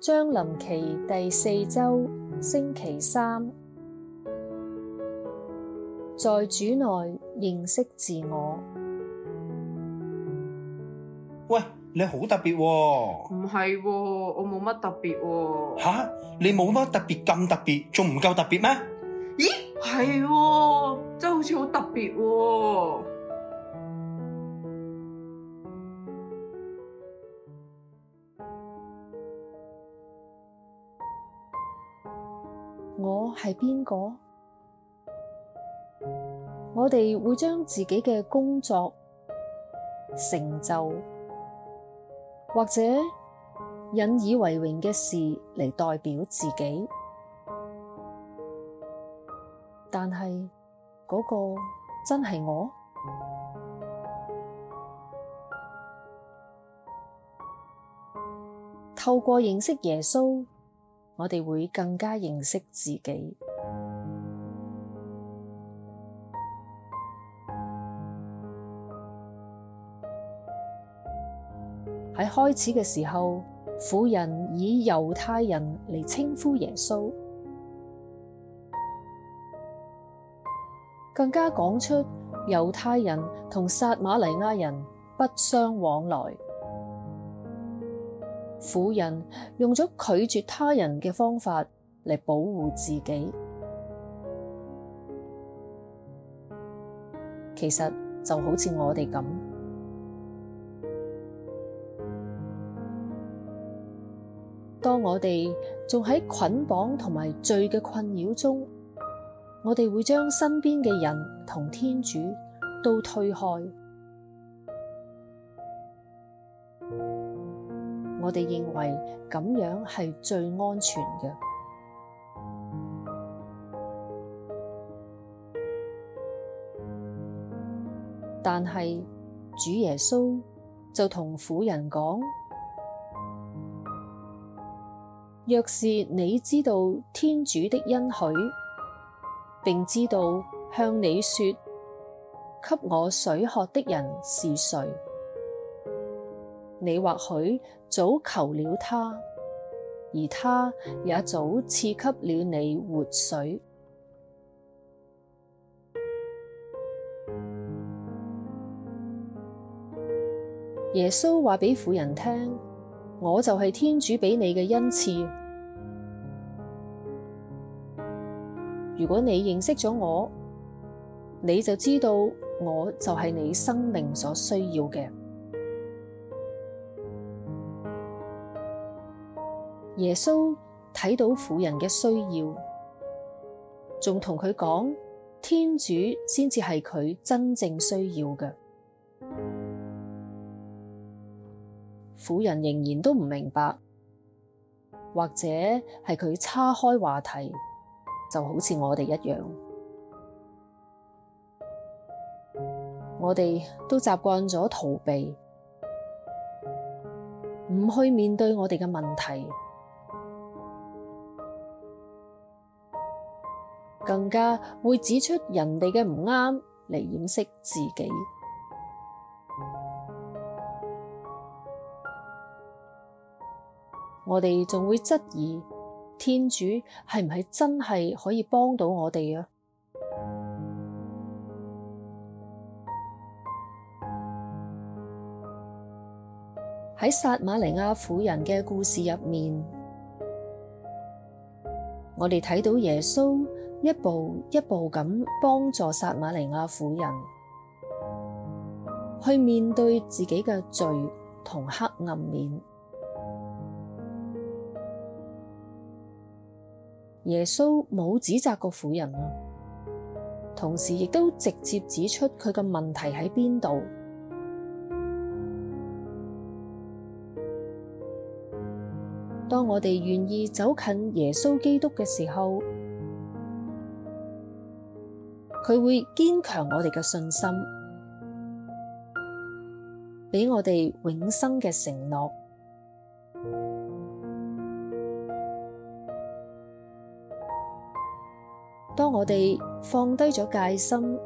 將臨期第四周星期三，在主內認識自我。喂，你好特別喎、哦！唔係喎，我冇乜特別喎、哦。吓、啊，你冇乜特別，咁特別，仲唔夠特別咩？咦，係喎、哦，真係好似好特別喎、哦。我係邊個？我哋會將自己嘅工作、成就或者引以為榮嘅事嚟代表自己，但係嗰個真係我？透過認識耶穌。我哋會更加認識自己。喺開始嘅時候，婦人以猶太人嚟稱呼耶穌，更加講出猶太人同撒瑪黎雅人不相往來。婦人用咗拒絕他人嘅方法嚟保護自己，其實就好似我哋咁。當我哋仲喺捆綁同埋罪嘅困擾中，我哋會將身邊嘅人同天主都推開。我哋認為咁樣係最安全嘅，但係主耶穌就同婦人講：若是你知道天主的恩賜，並知道向你說給我水喝的人是誰。你或許早求了他，而他也早賜給了你活水。耶穌話俾婦人聽：我就係天主俾你嘅恩賜。如果你認識咗我，你就知道我就係你生命所需要嘅。耶穌睇到婦人嘅需要，仲同佢講天主先至係佢真正需要嘅。婦人仍然都唔明白，或者係佢叉開話題，就好似我哋一樣。我哋都習慣咗逃避，唔去面對我哋嘅問題。更加會指出人哋嘅唔啱嚟掩飾自己，我哋仲會質疑天主係唔係真係可以幫到我哋啊？喺撒瑪黎雅婦人嘅故事入面，我哋睇到耶穌。一步一步咁幫助撒瑪黎雅婦人去面對自己嘅罪同黑暗面，耶穌冇指責過婦人啊，同時亦都直接指出佢嘅問題喺邊度。當我哋願意走近耶穌基督嘅時候，佢會堅強我哋嘅信心，俾我哋永生嘅承諾。當我哋放低咗戒心，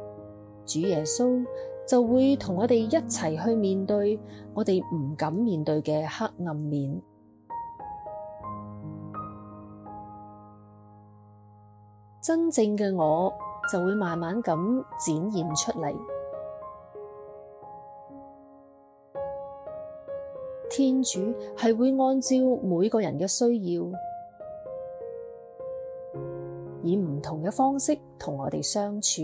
主耶穌就會同我哋一齊去面對我哋唔敢面對嘅黑暗面。真正嘅我。就會慢慢咁展現出嚟。天主係會按照每個人嘅需要，以唔同嘅方式同我哋相處，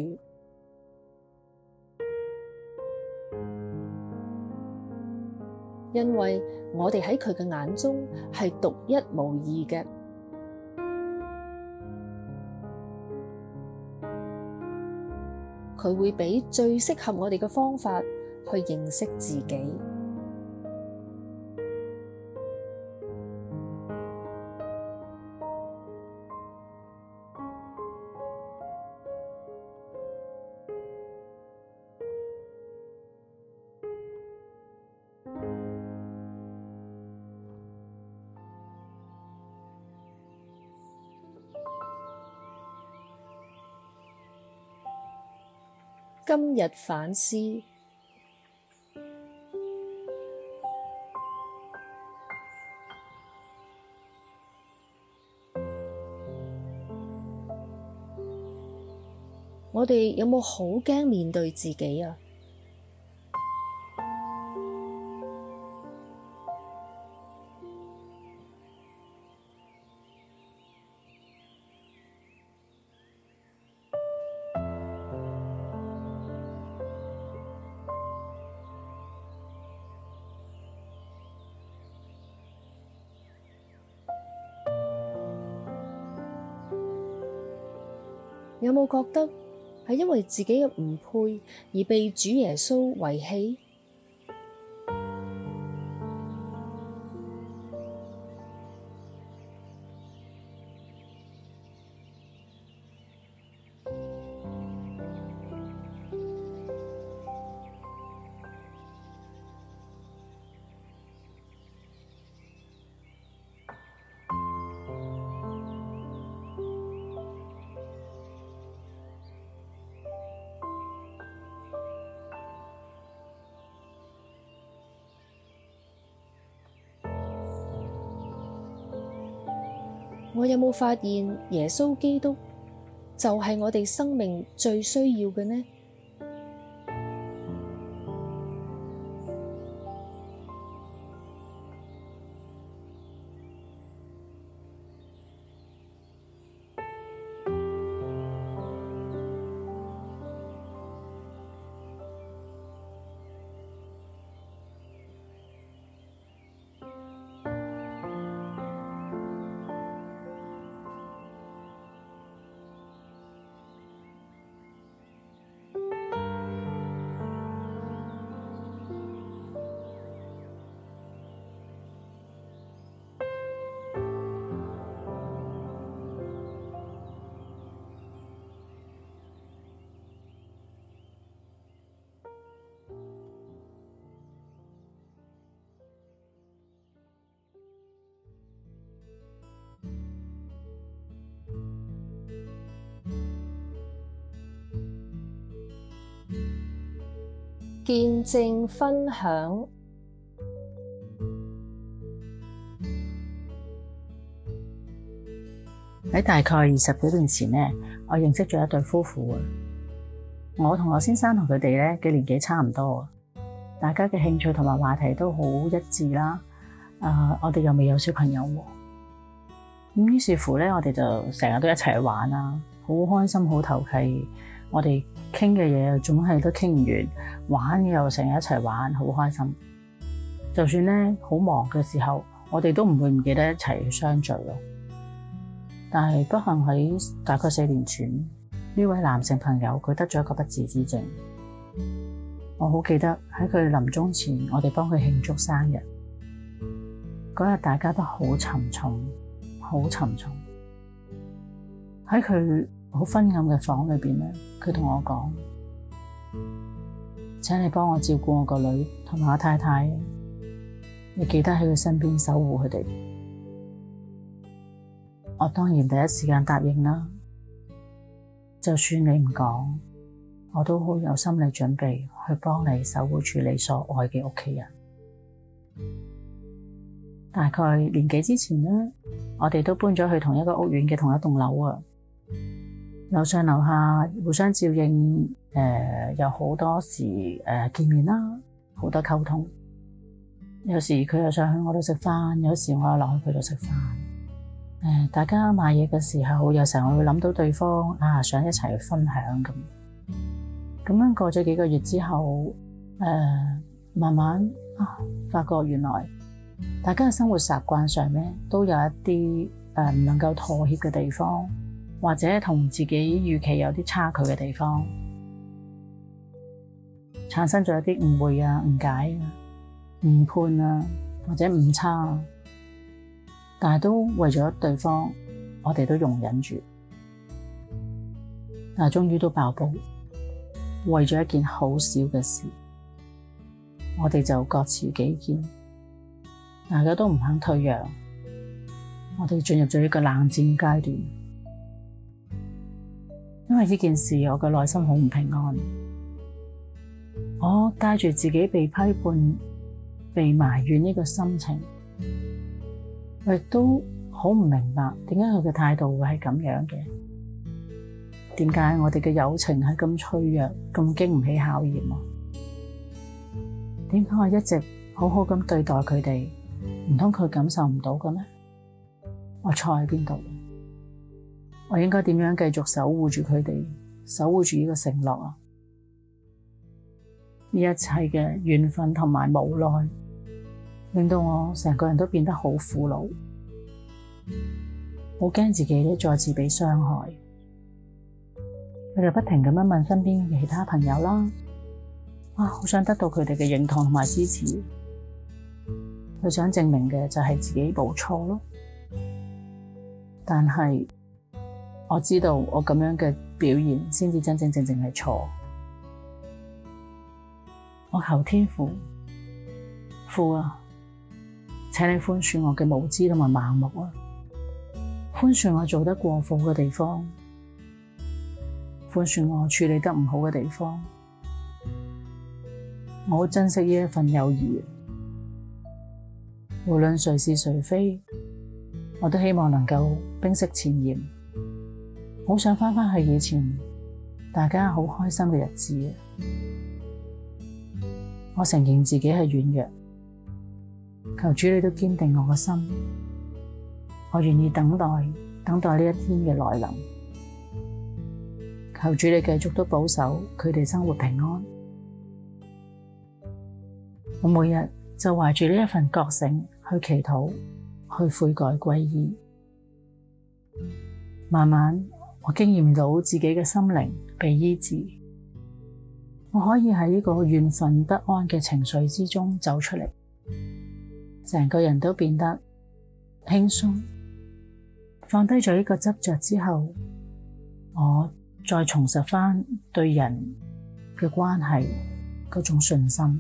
因為我哋喺佢嘅眼中係獨一無二嘅。佢會俾最適合我哋嘅方法去認識自己。今日反思，我哋有冇好驚面對自己啊？有冇覺得係因為自己嘅唔配而被主耶穌遺棄？我有冇發現耶穌基督就係我哋生命最需要嘅呢？見證分享，喺大概二十幾年前咧，我認識咗一對夫婦。我同我先生同佢哋咧，嘅年紀差唔多，大家嘅興趣同埋話題都好一致啦。誒、啊，我哋又未有小朋友喎。咁於是乎咧，我哋就成日都一齊玩啦，好開心，好投契。我哋。傾嘅嘢總總係都傾唔完，玩又成日一齊玩，好開心。就算咧好忙嘅時候，我哋都唔會唔記得一齊相聚咯。但係不幸喺大概四年前，呢位男性朋友佢得咗一個不治之症。我好記得喺佢臨終前，我哋幫佢慶祝生日。嗰日大家都好沉重，好沉重喺佢好昏暗嘅房裏面呢，佢同我講，請你幫我照顧我個女同埋我太太，你記得喺佢身邊守護佢哋。我當然第一時間答應啦。就算你唔講，我都好有心理準備去幫你守護住你所愛嘅屋企人。大概年多之前呢，我哋都搬咗去同一個屋苑嘅同一棟樓啊。樓上樓下互相照應，呃、有好多時見、呃、見面啦，好多溝通。有時佢又上去我度食飯，有時我又落去佢度食飯、呃。大家買嘢嘅時候，有時候會諗到對方啊，想一齊分享咁。咁樣過咗幾個月之後，誒、呃、慢慢啊，發覺原來大家嘅生活習慣上咧，都有一啲誒唔能夠妥協嘅地方。或者同自己預期有啲差距嘅地方，產生咗一啲誤會啊、誤解啊、誤判啊，或者誤差啊，但係都為咗對方，我哋都容忍住，但係終於都爆煲。為咗一件好小嘅事，我哋就各持己見，大家都唔肯退讓，我哋進入咗一個冷戰階段。因為呢件事，我嘅內心好唔平安。我帶住自己被批判、被埋怨呢個心情，我亦都好唔明白，點解佢嘅態度會係咁樣嘅？點解我哋嘅友情係咁脆弱、咁經唔起考驗？點解我一直好好咁對待佢哋，唔通佢感受唔到嘅咩？我錯喺邊度？我應該點樣繼續守護住佢哋，守護住呢個承諾啊？呢一切嘅怨憤同埋無奈，令到我成個人都變得好苦惱，好驚自己再次被傷害。佢哋就不停咁樣問身邊的其他朋友啦，啊，好想得到佢哋嘅認同同埋支持。佢想證明嘅就係自己冇錯咯，但係。我知道我這樣嘅表現，先至真正正正係錯。我求天父父啊，請你寬恕我嘅無知同埋盲目啊，寬恕我做得過火嘅地方，寬恕我處理得唔好嘅地方。我好珍惜呢一份友誼，無論誰是誰非，我都希望能夠冰釋前嫌。好想翻返去以前大家好開心嘅日子。我承認自己係軟弱，求主你都堅定我嘅心。我願意等待，等待呢一天嘅來臨。求主你繼續都保守佢哋生活平安。我每日就懷住呢一份覺醒去祈禱，去悔改皈依，慢慢。我經驗到自己嘅心靈被醫治，我可以喺呢個怨憤不安嘅情緒之中走出嚟，成個人都變得輕鬆，放低咗呢個執着之後，我再重拾翻對人嘅關係嗰種信心。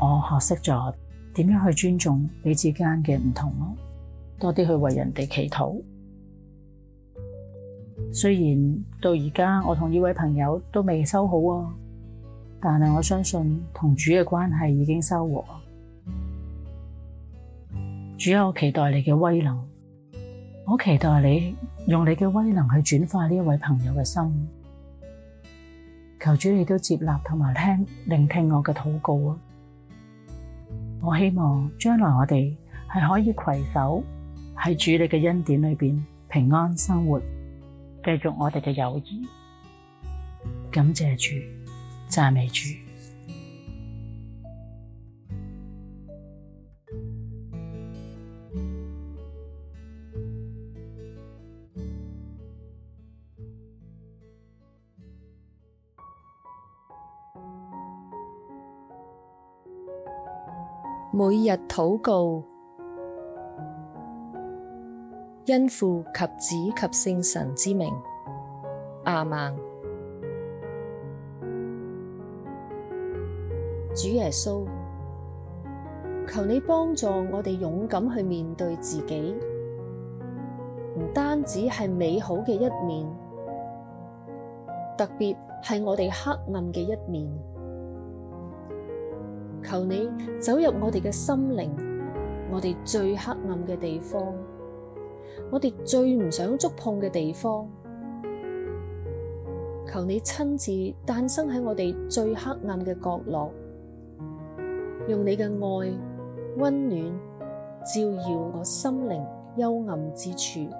我學識咗點樣去尊重彼此間嘅唔同咯，多啲去為人哋祈禱。雖然到而家，我同呢位朋友都未修好啊，但係我相信同主嘅關係已經修和。主啊，我期待你嘅威能，我期待你用你嘅威能去轉化呢一位朋友嘅心。求主，你都接納同埋聽聆聽我嘅禱告啊！我希望將來我哋係可以攜手喺主你嘅恩典裏邊平安生活。繼續我哋嘅友誼，感謝主，讚美主，每日禱告。因父及子及聖神之名，阿們。主耶穌，求你幫助我哋勇敢去面對自己，唔單止係美好嘅一面，特別係我哋黑暗嘅一面。求你走入我哋嘅心靈，我哋最黑暗嘅地方。我哋最唔想觸碰嘅地方，求你親自誕生喺我哋最黑暗嘅角落，用你嘅愛温暖照耀我心靈幽暗之處。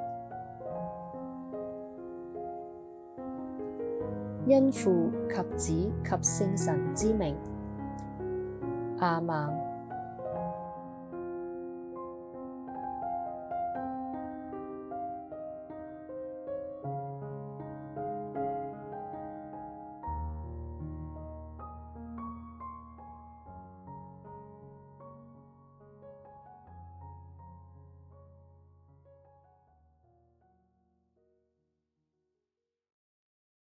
因父及子及聖神之名，阿們。